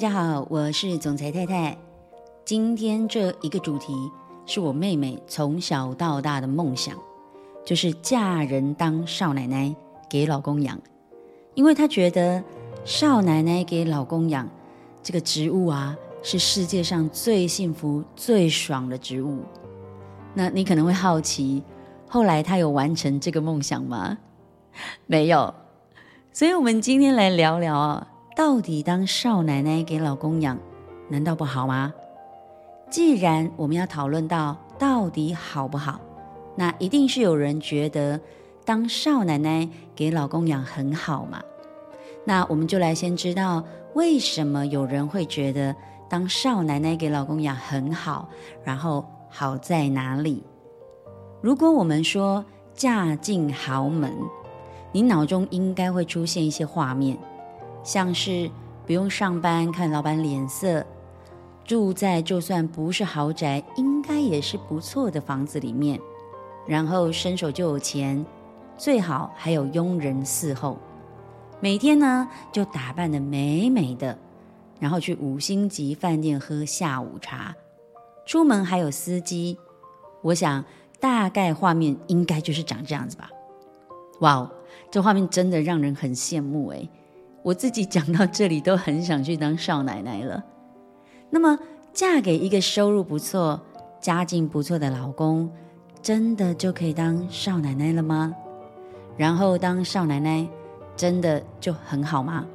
大家好，我是總裁太太。今天這一個主題是我妹妹從小到大的夢想，就是嫁人當少奶奶，給老公養。因為她覺得少奶奶給老公養這個職務啊，是世界上最幸福、最爽的職務。那你可能會好奇，後來她有完成這個夢想嗎？沒有。所以我們今天來聊聊啊。到底當少奶奶給老公養，難道不好嗎？既然我們要討論到到底好不好，那一定是有人覺得當少奶奶給老公養很好嘛。那我們就來先知道為什麼有人會覺得當少奶奶給老公養很好，然後好在哪裡？如果我們說嫁進豪門，你腦中應該會出現一些畫面。像是不用上班看老闆臉色，住在就算不是豪宅，應該也是不錯的房子裡面，然後伸手就有錢，最好還有傭人伺候，每天呢就打扮得美美的，然後去五星級飯店喝下午茶，出門還有司機，我想大概畫面應該就是長這樣子吧。哇哦，這畫面真的讓人很羨慕哎。我自己講到這裡，都很想去當少奶奶了。那麼，嫁給一個收入不錯、家境不錯的老公，真的就可以當少奶奶了嗎？然後，當少奶奶真的就很好嗎？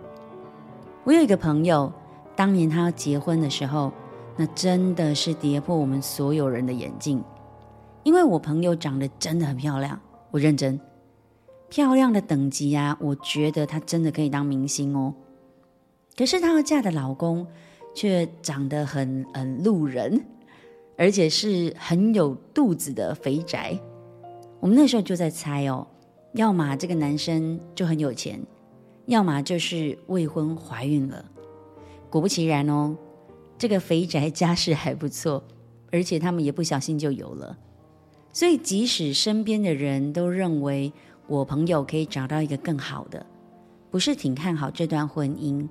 我有一個朋友，當年他要結婚的時候，那真的是跌破我們所有人的眼鏡，因為我朋友長得真的很漂亮，我認真。漂亮的等級啊，我覺得她真的可以當明星哦。可是她要嫁的老公卻長得很很路人，而且是很有肚子的肥宅。我們那時候就在猜哦，要麼這個男生就很有錢，要麼就是未婚懷孕了。果不其然哦，這個肥宅家世還不錯，而且他們也不小心就有了。所以即使身邊的人都認為，我朋友可以找到一個更好的，不是挺看好這段婚姻，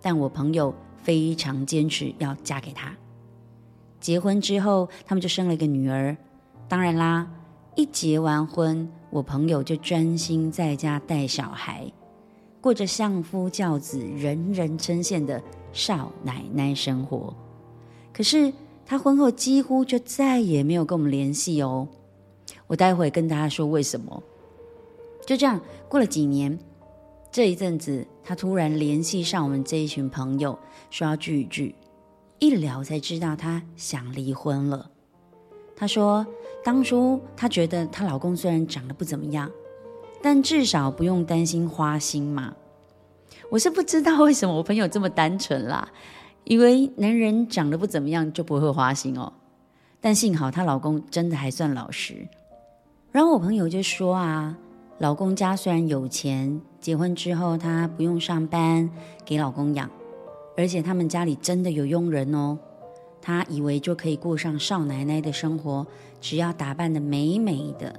但我朋友非常堅持要嫁給他。結婚之後，他們就生了一個女兒。當然啦，一結完婚，我朋友就專心在家帶小孩，過着相夫教子、人人稱羨的少奶奶生活。可是她婚後幾乎就再也沒有跟我們聯繫哦。我待會跟大家說為什麼。就這樣過了幾年，這一陣子，她突然聯繫上我們這一群朋友，說要聚一聚。一聊才知道，她想離婚了。她說，當初她覺得她老公雖然長得不怎麼樣，但至少不用擔心花心嘛。我是不知道為什麼我朋友這麼單純啦，以為男人長得不怎麼樣就不會花心哦。但幸好她老公真的還算老實。然後我朋友就說啊，老公家雖然有錢，結婚之後她不用上班，給老公養，而且他們家裡真的有傭人哦。她以為就可以過上少奶奶的生活，只要打扮的美美的，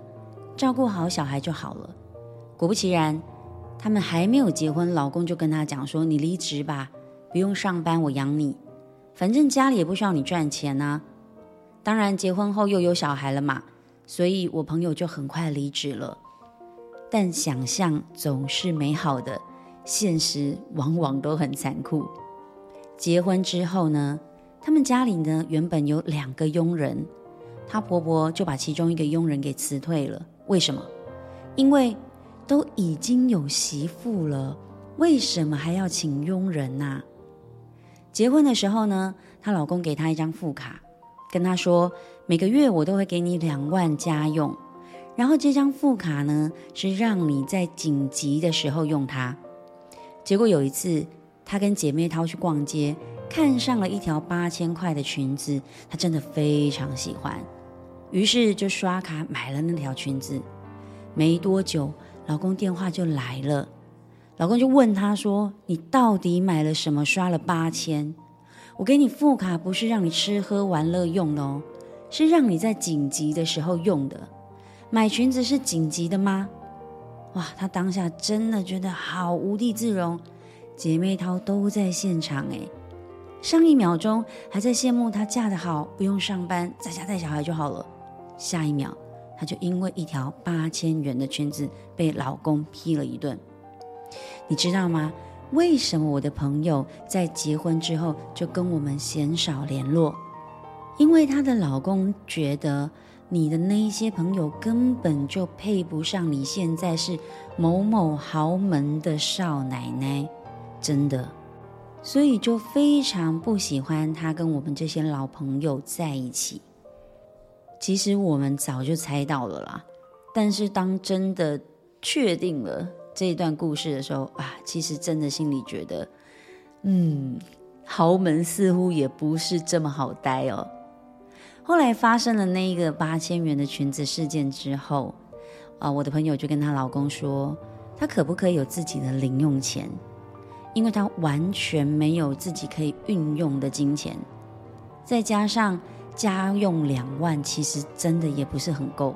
照顧好小孩就好了。果不其然，他們還沒有結婚，老公就跟他講說：“你離職吧，不用上班，我養你，反正家裡也不需要你賺錢吶、啊。”當然，結婚後又有小孩了嘛，所以我朋友就很快離職了。但想象總是美好的，現實往往都很殘酷。結婚之後呢，他們家裡呢原本有兩個傭人，她婆婆就把其中一個傭人給辭退了。為什麼？因為都已經有媳婦了，為什麼還要請傭人呢、啊？結婚的時候呢，她老公給她一張副卡，跟她說每個月我都會給你兩萬家用。然後這張副卡呢，是讓你在緊急的時候用它。結果有一次，她跟姐妹淘去逛街，看上了一條八千塊的裙子，她真的非常喜歡，於是就刷卡買了那條裙子。沒多久，老公電話就來了，老公就問她說：“你到底買了什麼？刷了八千。我給你副卡不是讓你吃喝玩樂用的哦，是讓你在緊急的時候用的。”買裙子是緊急的嗎？哇，她當下真的覺得好無地自容。姐妹淘都在現場誒，上一秒鐘還在羨慕她嫁得好，不用上班，在家帶小孩就好了，下一秒她就因為一條八千元的裙子被老公批了一頓。你知道嗎？為什麼我的朋友在結婚之後就跟我們鮮少聯絡？因為她的老公覺得。你的那一些朋友根本就配不上你，現在是某某豪門的少奶奶。真的，所以就非常不喜歡他跟我們這些老朋友在一起。其實我們早就猜到了啦，但是當真的確定了這一段故事的時候啊，其實真的心裡覺得，嗯，豪門似乎也不是這麼好待哦。後來發生了那一個八千元的裙子事件之後，啊，我的朋友就跟她老公說，她可不可以有自己的零用錢？因為她完全沒有自己可以運用的金錢，再加上家用兩萬，其實真的也不是很夠。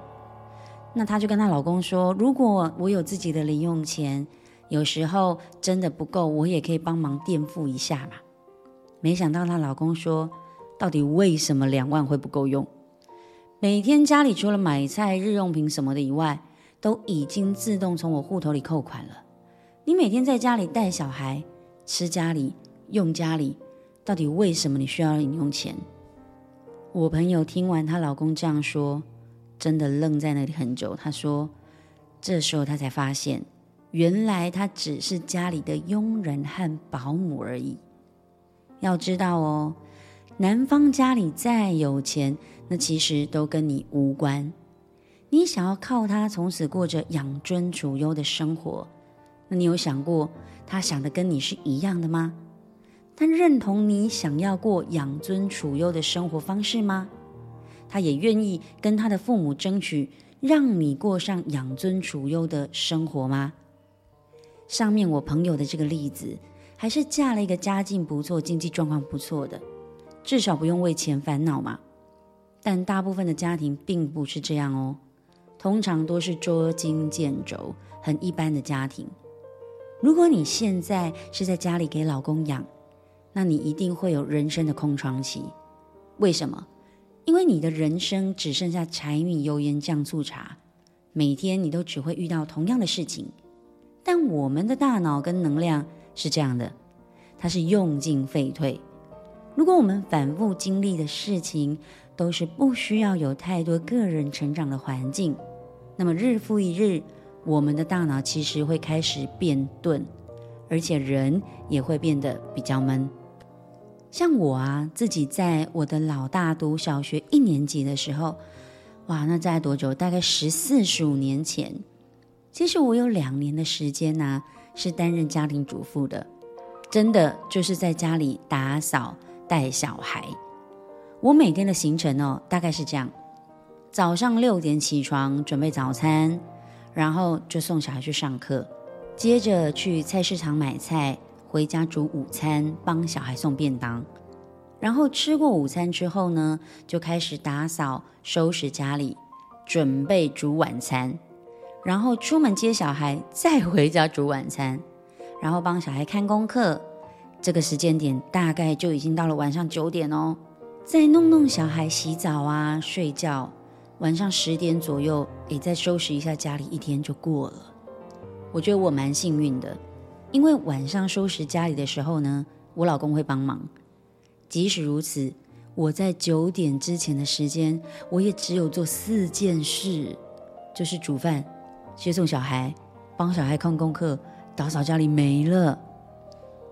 那她就跟她老公說，如果我有自己的零用錢，有時候真的不夠，我也可以幫忙墊付一下嘛。沒想到她老公說，到底為什麼兩萬會不夠用？每天家裡除了買菜、日用品什麼的以外，都已經自動從我戶頭裡扣款了。你每天在家裡帶小孩、吃家裡、用家裡，到底為什麼你需要零用錢？我朋友聽完她老公這樣說，真的愣在那裡很久。她說：“這時候她才發現，原來她只是家裡的傭人和保姆而已。要知道哦。”男方家裡再有錢，那其實都跟你無關。你想要靠他從此過着養尊處優的生活，那你有想過他想的跟你是一樣的嗎？他認同你想要過養尊處優的生活方式嗎？他也願意跟他的父母爭取讓你過上養尊處優的生活嗎？上面我朋友的這個例子，還是嫁了一個家境不錯、經濟狀況不錯的。至少不用為錢煩惱嘛，但大部分的家庭並不是這樣哦，通常都是捉襟見肘、很一般的家庭。如果你現在是在家裡給老公養，那你一定會有人生的空窗期。為什麼？因為你的人生只剩下柴米油鹽醬醋茶，每天你都只會遇到同樣的事情。但我們的大腦跟能量是這樣的，它是用進廢退。如果我們反覆經歷的事情都是不需要有太多個人成長的環境，那麼日復一日，我們的大腦其實會開始變鈍，而且人也會變得比較悶。像我啊，自己在我的老大讀小學一年級的時候，哇，那在多久？大概十四、十五年前。其實我有兩年的時間呢、啊，是擔任家庭主婦的，真的就是在家裡打掃。帶小孩，我每天的行程哦，大概是這樣：早上六點起床，準備早餐，然後就送小孩去上課，接着去菜市場買菜，回家煮午餐，幫小孩送便當，然後吃過午餐之後呢，就開始打掃，收拾家裡，準備煮晚餐，然後出門接小孩，再回家煮晚餐，然後幫小孩看功課。這個時間點大概就已經到了晚上九點哦，再弄弄小孩洗澡啊、睡覺，晚上十點左右也再收拾一下家裡，一天就過了。我覺得我蠻幸運的，因為晚上收拾家裡的時候呢，我老公會幫忙。即使如此，我在九點之前的時間，我也只有做四件事，就是煮飯、接送小孩、幫小孩看功課、打掃家裡，沒了。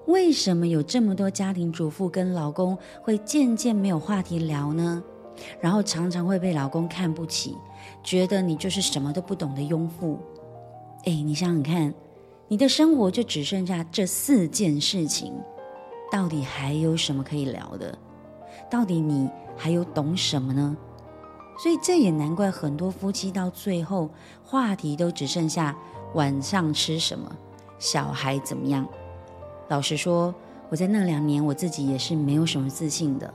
為什麼有這麼多家庭主婦跟老公會漸漸沒有話題聊呢？然後常常會被老公看不起，覺得你就是什麼都不懂的庸婦。哎，你想想看，你的生活就只剩下這四件事情，到底還有什麼可以聊的？到底你還有懂什麼呢？所以這也難怪很多夫妻到最後話題都只剩下晚上吃什麼、小孩怎麼樣。老實說，我在那兩年，我自己也是沒有什麼自信的，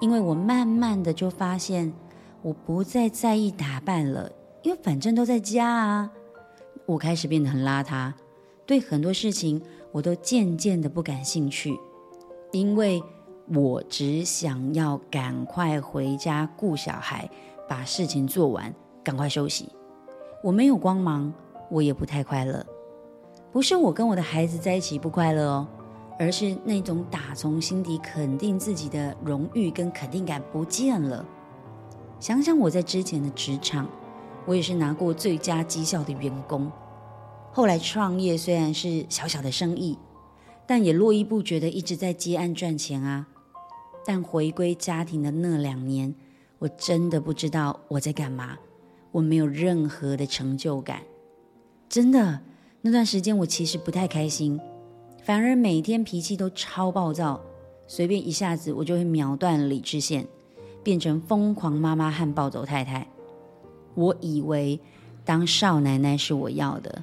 因為我慢慢的就發現，我不再在意打扮了，因為反正都在家啊。我開始變得很邋遢，對很多事情我都漸漸的不感興趣，因為我只想要趕快回家顧小孩，把事情做完，趕快休息。我沒有光芒，我也不太快樂。不是我跟我的孩子在一起不快樂哦，而是那種打從心底肯定自己的榮譽跟肯定感不見了。想想我在之前的職場，我也是拿過最佳績效的員工。後來創業雖然是小小的生意，但也絡繹不絕的一直在接案賺錢啊。但回歸家庭的那兩年，我真的不知道我在幹嘛，我沒有任何的成就感，真的。那段時間我其實不太開心，反而每天脾氣都超暴躁，隨便一下子我就會秒斷理智線，變成瘋狂媽媽和暴走太太。我以為當少奶奶是我要的，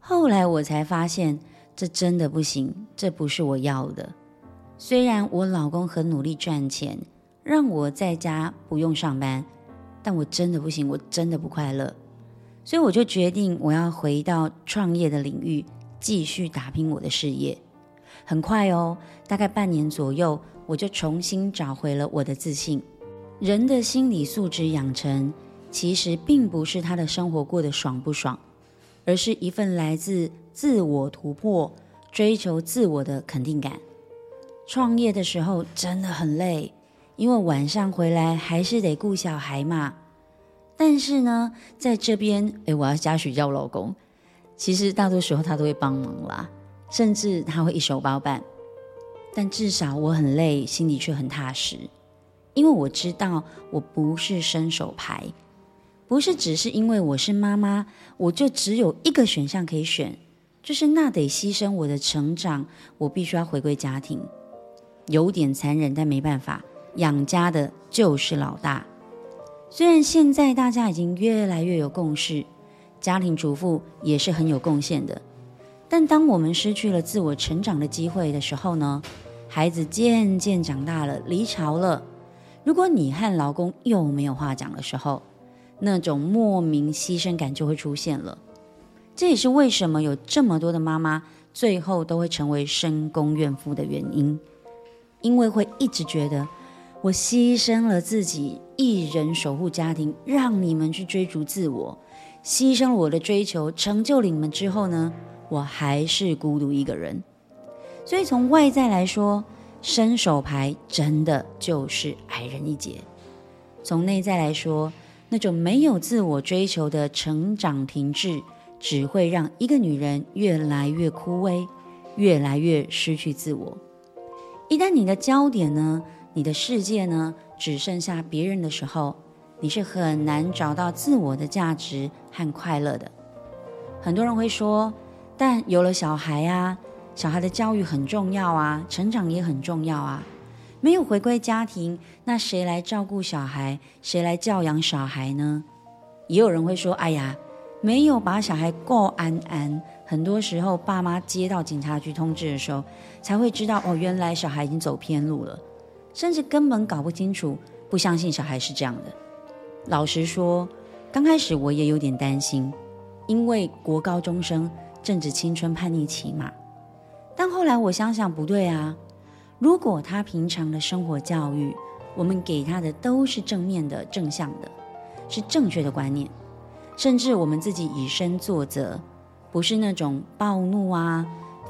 後來我才發現這真的不行，這不是我要的。雖然我老公很努力賺錢，讓我在家不用上班，但我真的不行，我真的不快樂。所以我就決定，我要回到創業的領域，繼續打拼我的事業。很快哦，大概半年左右，我就重新找回了我的自信。人的心理素質養成，其實並不是他的生活過得爽不爽，而是一份來自自我突破、追求自我的肯定感。創業的時候真的很累，因為晚上回來還是得顧小孩嘛。但是呢，在這邊，哎、欸，我要嘉許叫我老公。其實大多時候他都會幫忙啦，甚至他會一手包辦。但至少我很累，心裡卻很踏實，因為我知道我不是伸手牌，不是只是因為我是媽媽，我就只有一個選項可以選，就是那得犧牲我的成長，我必須要回歸家庭，有點殘忍，但沒辦法，養家的就是老大。雖然現在大家已經越來越有共識，家庭主婦也是很有貢獻的，但當我們失去了自我成長的機會的時候呢？孩子漸漸長大了，離巢了，如果你和老公又沒有話講的時候，那種莫名犧牲感就會出現了。這也是為什麼有這麼多的媽媽最後都會成為深宮怨婦的原因，因為會一直覺得。我犧牲了自己，一人守護家庭，讓你們去追逐自我，犧牲了我的追求，成就了你們之後呢？我還是孤獨一個人。所以從外在來說，伸手牌真的就是矮人一截；從內在來說，那種沒有自我追求的成長停滯，只會讓一個女人越來越枯萎，越來越失去自我。一旦你的焦點呢？你的世界呢，只剩下別人的時候，你是很難找到自我的價值和快樂的。很多人會說，但有了小孩啊，小孩的教育很重要啊，成長也很重要啊。沒有回歸家庭，那誰來照顧小孩，誰來教養小孩呢？也有人會說，哎呀，沒有把小孩過安安，很多時候爸媽接到警察局通知的時候，才會知道哦，原來小孩已經走偏路了。甚至根本搞不清楚，不相信小孩是這樣的。老實說，剛開始我也有點擔心，因為國高中生正值青春叛逆期嘛。但後來我想想，不對啊，如果他平常的生活教育，我們給他的都是正面的、正向的，是正確的觀念，甚至我們自己以身作則，不是那種暴怒啊、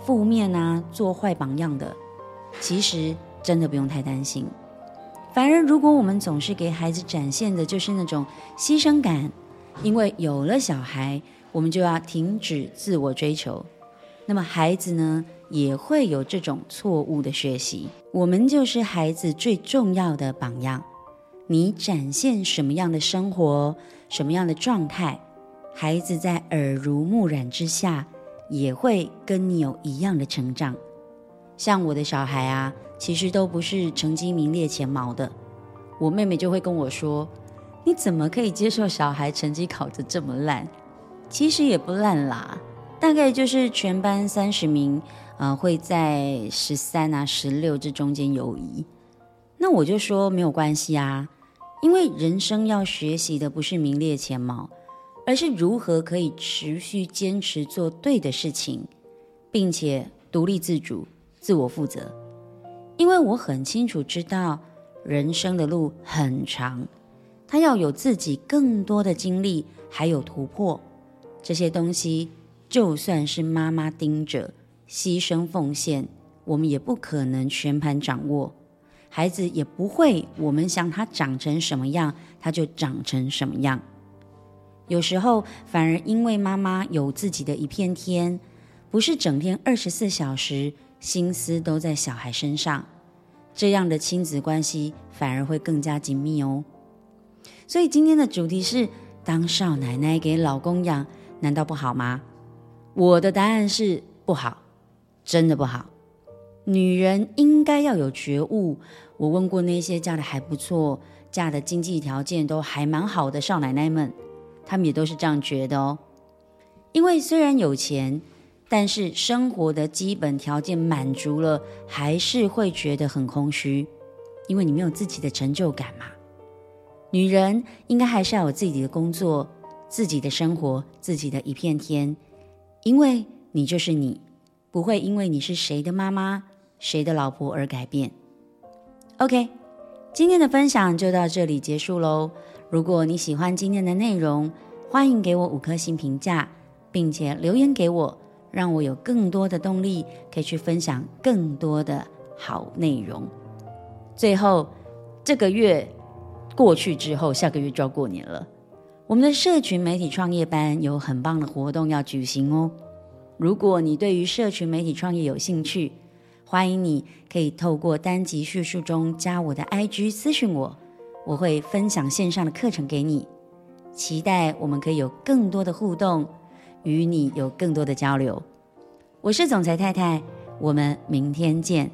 負面啊，做壞榜樣的，其實。真的不用太擔心。反而，如果我們總是給孩子展現的就是那種犧牲感，因為有了小孩，我們就要停止自我追求，那麼孩子呢也會有這種錯誤的學習。我們就是孩子最重要的榜樣。你展現什麼樣的生活，什麼樣的狀態，孩子在耳濡目染之下也會跟你有一樣的成長。像我的小孩啊。其實都不是成績名列前茅的，我妹妹就會跟我說：“你怎麼可以接受小孩成績考得這麼爛？”其實也不爛啦，大概就是全班三十名，呃，會在十三啊、十六這中間游移。那我就說沒有關係啊，因為人生要學習的不是名列前茅，而是如何可以持續堅持做對的事情，並且獨立自主、自我負責。因為我很清楚知道，人生的路很長，他要有自己更多的經歷，還有突破，這些東西，就算是媽媽盯着，犧牲奉獻，我們也不可能全盤掌握，孩子也不會我們想他長成什麼樣，他就長成什麼樣。有時候反而因為媽媽有自己的一片天，不是整天二十四小時。心思都在小孩身上，這樣的親子關係反而會更加緊密哦。所以今天的主題是：當少奶奶給老公養，難道不好嗎？我的答案是不好，真的不好。女人應該要有覺悟。我問過那些嫁得還不錯、嫁的經濟條件都還蠻好的少奶奶們，她們也都是這樣覺得哦。因為雖然有錢。但是生活的基本條件滿足了，還是會覺得很空虛，因為你沒有自己的成就感嘛。女人應該還是要有自己的工作、自己的生活、自己的一片天，因為你就是你，不會因為你是誰的媽媽、誰的老婆而改變。OK，今天的分享就到這裡結束嘍。如果你喜歡今天的內容，歡迎給我五顆星評價，並且留言給我。讓我有更多的動力，可以去分享更多的好內容。最後，這個月過去之後，下個月就要過年了。我們的社群媒體創業班有很棒的活動要舉行哦。如果你對於社群媒體創業有興趣，歡迎你可以透過單集敘述中加我的 IG 私訊我，我會分享線上的課程給你。期待我們可以有更多的互動。與你有更多的交流，我是總裁太太，我們明天見。